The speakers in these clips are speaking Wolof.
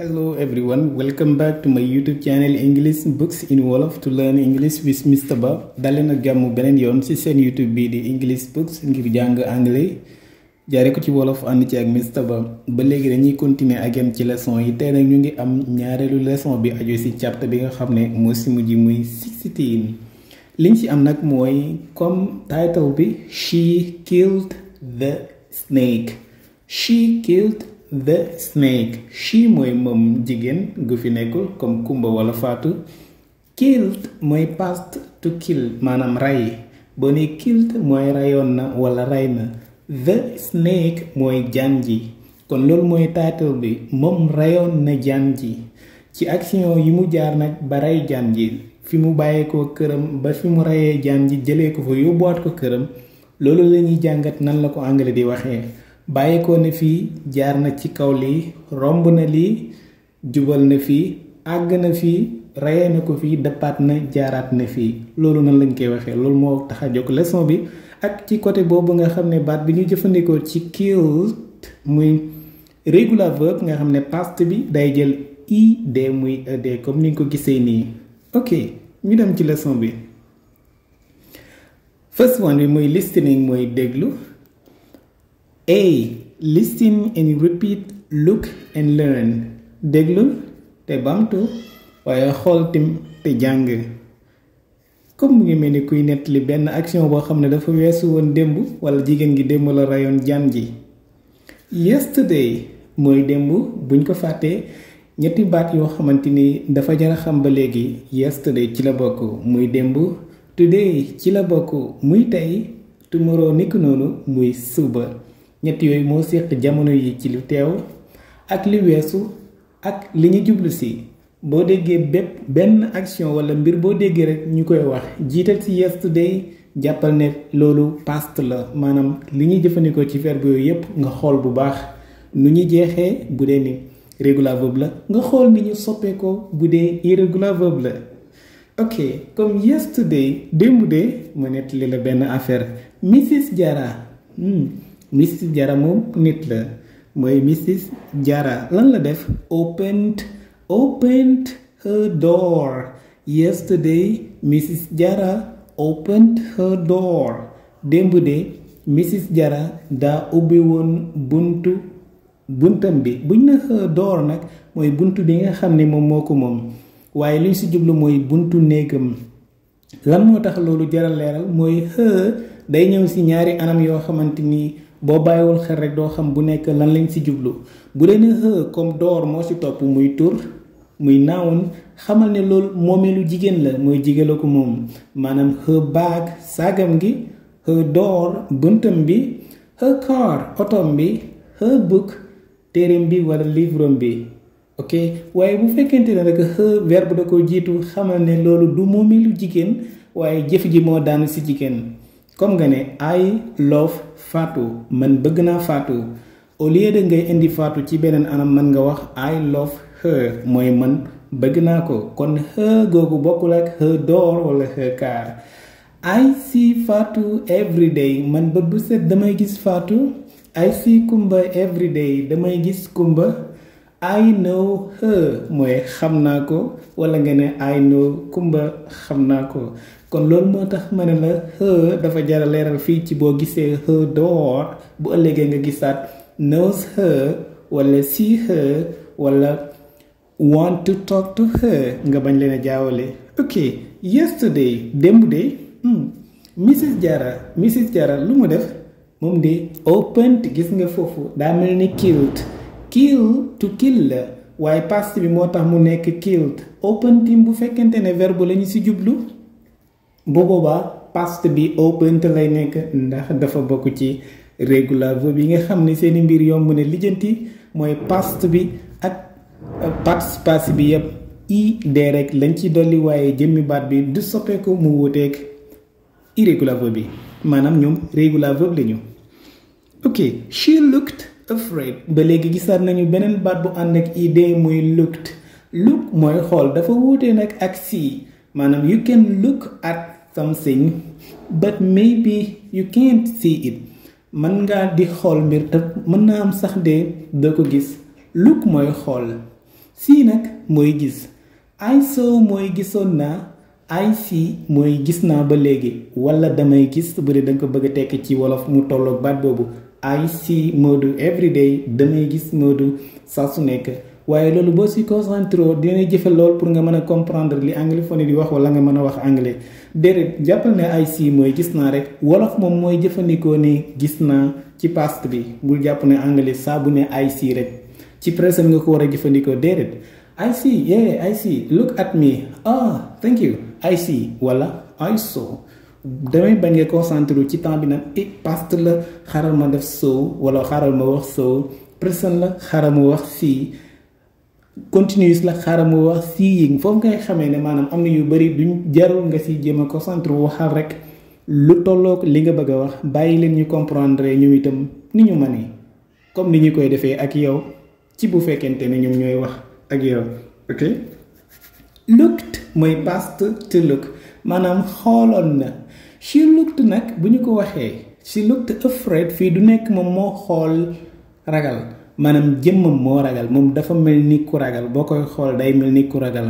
Hello everyone, welcome back to my YouTube channel English Books in Wolof to learn English with Mr Ba dalee na jàmm beneen yoon ci seen YouTube bii di English Books ngir jàng anglais jaare ko ci wolof ànd ci ak Mr Ba ba léegi dañuy continuer ak yéen ci leçon yi te nag ñu ngi am ñaareelu leçon bi aju ci chapter bi nga xam ne moo ci mujj muy sixteen liñ ci am nag mooy comme title bi she killed the snake she killed the snake she mooy moom jigéen gu fi nekkul comme kumba wala faatu killed mooy past to kill maanaam ray boo ne killed mooy rayoon na wala ray na the snake mooy jaan ji kon loolu mooy title bi moom rayoon na jaan ji ci action yi mu jaar nag ba rey jaan ji fi mu bàyyee ko këram ba fi mu rayee jaan ji jëlee ko fa yóbbuwaat ko këram loolu la ñuy jàngat nan la ko anglais di waxee bàyyeekoo na fii jaar na ci kaw lii romb na lii jubal na fii àgg na fii rayee na ko fii dëppaat na jaaraat na fii loolu nan lañ koy waxee loolu moo tax a jóg leçon bi ak ci côté boobu nga xam ne baat bi ñu jëfandikoo ci killed muy regular nga xam ne past bi day jël id muy ed comme ni nga ko gisee nii ok ñu dem ci leçon bi first one bi muy listening mooy déglu A. Listen and repeat look and learn déglu te bamtu waaye xool tim te jàng comme mu ngi mel ni kuy nettali benn action boo xam ne dafa weesu woon démb wala jigéen gi démb la rayoon jaan ji yesterday mooy démb buñ ko fàttee ñetti baat yoo xamante ni dafa jar xam ba léegi yesterday ci la bokk muy démb today ci la bokk muy tey tomorrow nikk noonu muy suba ñett yooyu moo séq jamono yi ci lu teew ak li weesu ak li ñu jublu si boo déggee bépp benn action wala mbir boo déggee rek ñu koy wax jiital si yesterday jàppal ne loolu past la maanaam li ñuy jëfandikoo ci verbe yooyu yépp nga xool bu baax nu ñu jeexee bu dee ni regular la nga xool ni ñu soppeekoo bu dee irregular verb la ok comme yesterday démb de ma nettali la benn affaire Mrs Diarra hmm, Miss Diarra moom nit la mooy Mrs Diarra lan la def opened opened her door yesterday Mrs Diarra opened her door démb de Mrs Diarra daa ubbi woon buntu buntam bi buñ na her door nag mooy bunt bi nga xam ne moom moo ko moom waaye li ñu si jublu mooy buntu néegam lan moo tax loolu jaral leeral mooy her day ñëw si ñaari anam yoo xamante nii boo bàyyiwul xel rek doo xam bu nekk lan lañ si jublu bu dee ne comme door moo ci topp muy tur muy naawoon xamal ne loolu moomeelu jigéen la mooy jigéen la ko moom maanaam hë baag saagam gi hë door buntam bi hë koor otom bi hë bukk téereem bi wala livrom bi ok waaye bu fekkente ne rek hë verbe da ko jiitu xamal ne loolu du moomeelu jigéen waaye jëf ji moo daanu ci jigéen comme nga ne I love faatu man bëgg naa faatu au lieu de ngay indi faatu ci beneen anam mën nga wax I love her mooy man bëgg naa ko kon her googu bokkul ak her door wala her car I see Fatou every day man bët bu set damay gis faatu I see Kumba every day damay gis Kumba I know her mooy xam naa ko wala nga ne I know Kumba xam naa ko kon loolu moo tax ma ne la xë dafa jara leeral fii ci boo gisee xë door bu ëllëgee nga gisaat knows her wala see her wala want to talk to her nga bañ leen a jaawale ok yesterday démb de Mrs hmm, Jara Mrs Jara lu mu def moom de opened gis nga foofu daa mel ni killed kill to kill la waaye past bi moo tax mu nekk killed opened bu fekkente ne verbe lañu ñu si jublu bu boobaa past bi open te lay nekk ndax dafa bokk ci regular verb yi nga xam ne seeni mbir yomb ne lijjanti mooy past bi ak past passé bi yëpp id rek lañ ci dolli waaye jëmmi baat bi du soppeeku mu wuuteeg irregular bi maanaam ñoom regular verb lañu ok she looked afraid ba léegi gisaat nañu beneen baat bu ànd ak id muy looked look mooy xool dafa wuute nag ak si maanaam you can look at something but maybe you can't see it mën ngaa di xool mbir te mën naa am sax de doo ko gis look mooy xool see nag mooy gis I saw mooy gisoon naa I see mooy gis naa ba léegi walla damay gis bu dee da ko bëgg a tekk ci wolof mu tolloog baat boobu I see moo du everyday damay gis moo du saa su nekk waaye loolu boo si concentré dinañ jëfe lool pour nga mën a comprendre li anglophone di wax wala nga mën a wax anglais déedéet jàppal ne ay si mooy gis naa rek wolof moom mooy jëfandikoo ni gis naa ci past bi bul jàpp ne anglais saa ne ay si rek ci présent nga ko war a jëfandikoo déedéet I see yeah I see look at me ah thank you I see wala I saw damay bañ nga concentré ci temps bi nag i eh, past la xaaral ma def saw wala xaaral ma wax saw présent la xaaral ma wax see continuous la xaaral mu wax seeing foofu ngay xamee ne maanaam am na yu bëri duñ jarul nga si jéem a concentré waxal rek lu tollook li nga bëgg a wax bàyyi leen ñu comprendre ñu itam ni ñu mënee comme ni ñu koy defee ak yow ci bu fekkente ne ñoom ñooy wax ak yow ok looked mooy past te look maanaam xooloon na she looked nag bu ñu ko waxee she looked fii du nekk moom moo xool ragal maanaam jëmmam moo ragal moom dafa mel ni ku ragal boo koy xool day mel ni ku ragal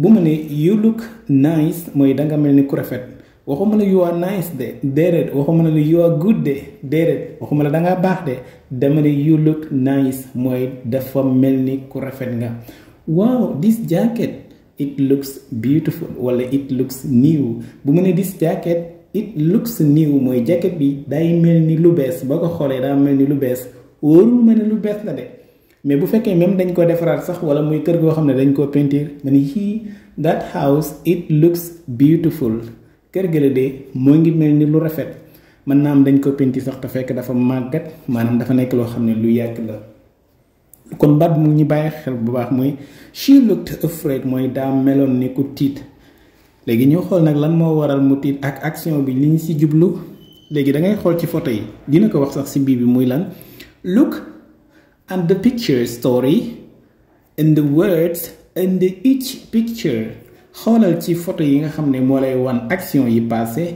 bu ma ne you look nice mooy danga mel ni ku rafet waxuma la you are nice de déedéet waxuma la you are good de déedéet waxuma baax de dama ne you look nice mooy dafa mel ni ku rafet nga waaw this jacket it looks beautiful wala it looks new bu ma ne this it looks new mooy jacket bi day mel ni lu bees boo ko xoolee daa mel ni lu bees wóorul mel ne lu bees la de mais bu fekkee même dañ koo defaraat sax wala muy kër goo xam ne dañ koo peintir ma ne yii that house it looks beautiful kër gi la de moo ngi mel ni lu rafet mën naa am dañ ko peintir sax te fekk dafa màggat maanaam dafa nekk loo xam ne lu yàgg la. kon bat mu ñu bàyyi xel bu baax mooy she looked afraid mooy daam meloon ni ku tiit léegi ñu xool nag lan moo waral mu tiit ak action bi li ñu ci jublu léegi da ngay xool ci photo yi dina ko wax sax ci bii bi muy lan. Look at the picture story and the words in each picture xoolal ci photo yi nga xam ne moo lay wan action yi passé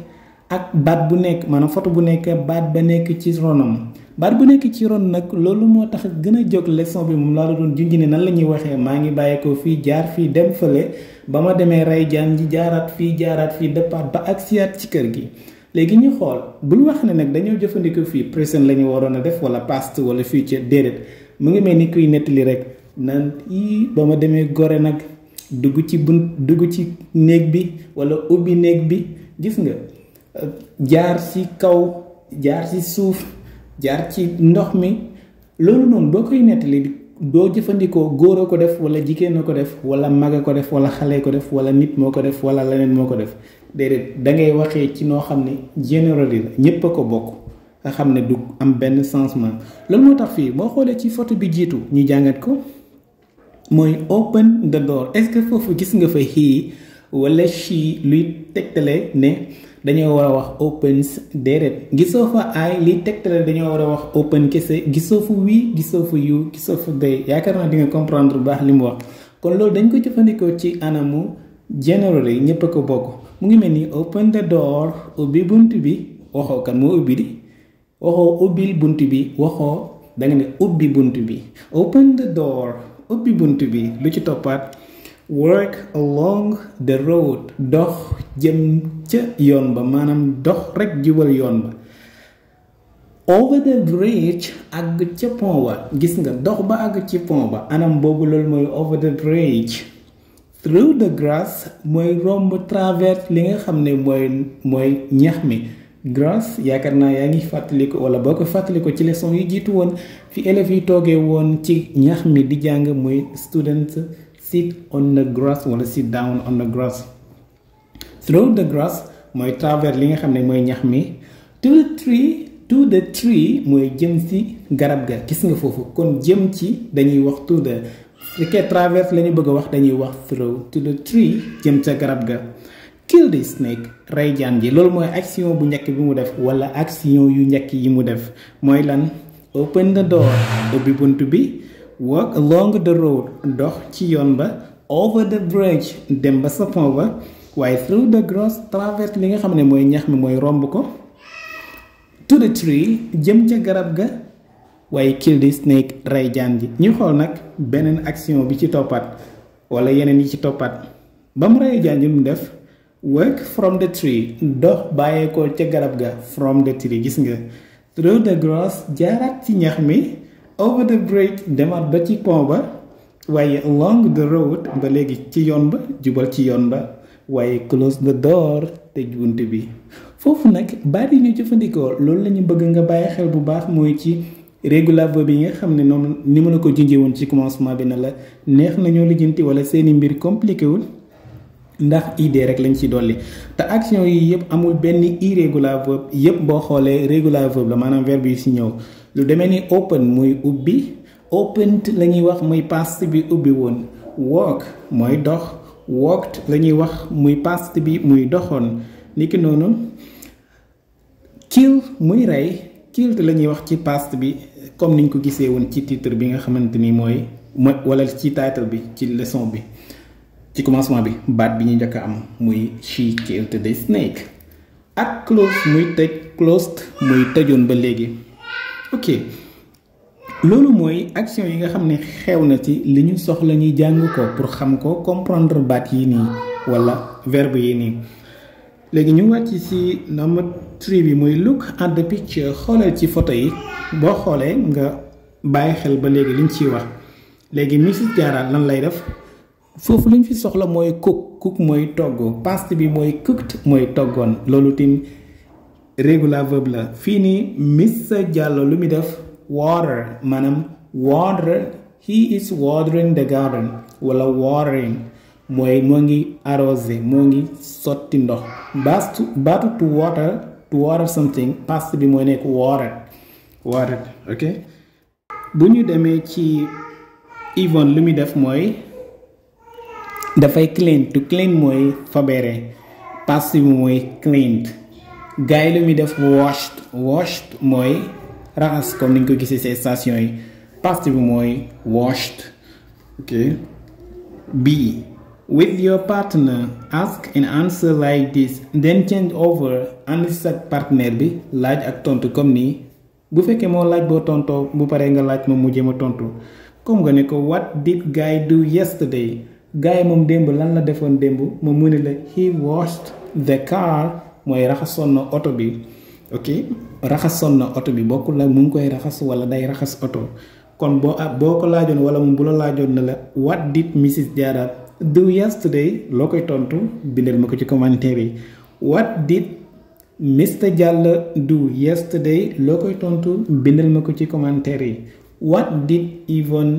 ak baat bu nekk maanaam photo bu nekk baat ba nekk ci ronam baat bu nekk ci ron nag loolu moo tax gën a jóg leçon bi moom laa doon junj ne nan la ñuy waxee maa ngi bàyyeekoo fii jaar fii dem fële ba ma demee rey jaan ji jaaraat fii jaaraat fii départ ba agsiyaat ci kër gi léegi ñu xool bul wax ne nag dañoo jëfandikoo fii present la ñu waroon a def wala paste wala future déedéet mu ngi mel ni kuy nettali rek naan ii ba ma demee gore nag dugg ci bun dugg ci néeg bi wala ubbi néeg bi gis nga euh, jaar ci kaw jaar ci suuf jaar ci ndox mi loolu noonu boo koy nettali doo jëfandikoo góor a ko def wala jigéen a ko def wala mag a ko def wala xalee ko def wala nit moo ko def wala leneen moo ko def déedéet da ngay waxee ci noo xam ne général yi la ñëpp a ko bokk nga xam ne du am benn changement loolu moo tax fii boo xoolee ci photo bi jiitu ñuy jàngat ko mooy open the door est-ce que foofu gis nga fa he wala she luy tegtale ne dañoo war a wax open déedéet gisoo fa ay dañoo war a wax open kese gisoo fa wii gisoo fa you gisoo fa day yaakaar naa di nga comprendre bu baax li mu wax kon loolu dañ ko jëfandikoo ci anamu général yi ñëpp a ko bokk. mu ngi mel ni open the door ubbi bunt bi waxoo kan moo ubbi di waxoo ubbil bunt bi waxoo da nga ne ubbi bunt bi open the door ubbi bunt bi lu ci toppaat work along the road dox jëm ca yoon ba maanaam dox rek jubal yoon ba over the bridge àgg ca pont ba gis nga dox ba àgg ci pont ba anam boobu loolu mooy over the bridge Rue de mooy romb travers li nga xam ne mooy ñax mi Grâce yaakaar naa yaa ngi fàttaliku wala boo ko fàttaliku ci leçon yi jiitu woon fi élèves yi toogee woon ci ñax mi di jàng muy students sit on wala sit down on the grass through the grass mooy travers li nga xam ne mooy ñax mi to the tree to mooy jëm ci garab ga gis nga foofu kon jëm ci dañuy wax to the fekkee traverse la ñu bëgg a wax dañuy wax through to the tree jëm ca garab ga kill the snake rey jaan ji loolu mooy action bu njëkk bi mu def wala action yu njëkk yi mu def mooy lan open the door bi bunt bi walk along the road dox ci yoon ba over the bridge dem ba sa pont ba waaye through the grass traverse li nga xam ne mooy ñax mi mooy romb ko to the tree jëm ca garab ga waaye kill the snake rey jaan ji ñu xool nag beneen action bi ci toppaat wala yeneen yi ci toppaat ba mu rey jaan mu def work from the tree dox bàyyeekool ca garab ga from the tree gis nga through the grass jaaraat ci ñax mi over the bridge demaat ba ci pont ba waaye along the road ba léegi ci yoon ba jubal ci yoon ba waaye close the door te bunt bi foofu nag baat yi ñu jëfandikoo loolu la bëgg nga bàyyi xel bu baax mooy ci régulable bi nga xam ne noonu ni ma la ko jinjee woon ci commencement bi na la neex nañoo lijjanti wala seeni mbir compliqué wul ndax idée rek lañ ci dolli te action yi yëpp amul benn irrégular verb yëpp boo xoolee regular verb la maanaam verbe yi ci ñëw lu demee ni open muy ubbi opened la ñuy wax muy past bi ubbi woon walk mooy dox walked la ñuy wax muy past bi muy doxoon niki noonu kill muy rey killed la ñuy wax ci past bi comme ni ñu ko gisee woon ci titre bi nga xamante ni mooy mooy wala ci titre bi ci leçon bi ci commencement bi baat bi ñu njëkk a am muy she killed the snake ak close muy tëj closed muy tëjoon ba léegi ok loolu mooy action yi nga xam ni xew na ci li ñu soxla ñuy jàng ko pour xam ko comprendre baat yi nii wala verbe yi nii léegi ñu wàcc si number three bi muy look at the picture xoolal ci photo yi boo xoolee nga bàyyi xel ba léegi liñ ciy wax léegi Mrs Diarra lan lay def foofu liñ fi soxla mooy cook cook mooy togg past bi mooy cooked mooy toggoon loolu tamit regular verb la fii nii Miss Diallo lu muy def water maanaam water he is watering the garden wala watering mooy moo ngi arrosé moo ngi sotti ndox baatu baatu to water something past bi mooy nekk watered watered bu ñu demee ci even lu muy def mooy dafay clean to clean mooy fabere past bi mooy cleaned gars lu muy def washed washed mooy raxas comme ni ñu ko gisee ci station yi past bi mooy washed bii With your partner ask and answer like this then change over ànd si sa partenaire bi laaj ak tontu comme nii bu fekkee moo laaj boo tontoo bu paree nga laaj moom mu jéem a tontu comme nga ne ko what did guy do yesterday guy moom démb lan la defoon démb moom mu ne la he washed the car mooy raxasoon na oto bi ok raxasoon na oto bi bokkul la mu koy raxas wala day raxas oto kon boo boo ko laajoon wala moom bu la laajoon na la what did Mrs Diarra do yesterday loo koy tontu bindal ma ko ci commentaire yi what did Mr Diallo do yesterday loo koy tontu bindal ma ko ci commentaire yi what did Yvonne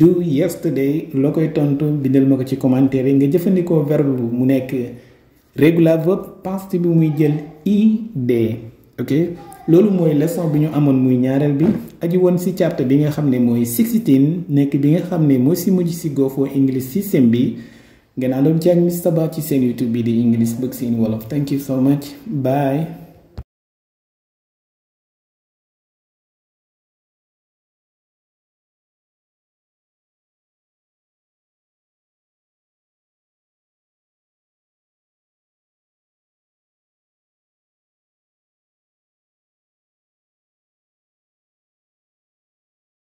do yesterday loo koy tontu bindal ma ko ci commentaire yi nga jëfandikoo verbe mu nekk regular verb past bi muy jël d ok loolu mooy leçon bi ñu amoon muy ñaareel bi aji woon si chapter bi nga xam ne mooy sixteen nekk bi nga xam ne moo si mujj si Go For English system bi ngeen àndoon ci ak Mister Ba ci seen YouTube bi di English Boxing Wolof thank you so much bye.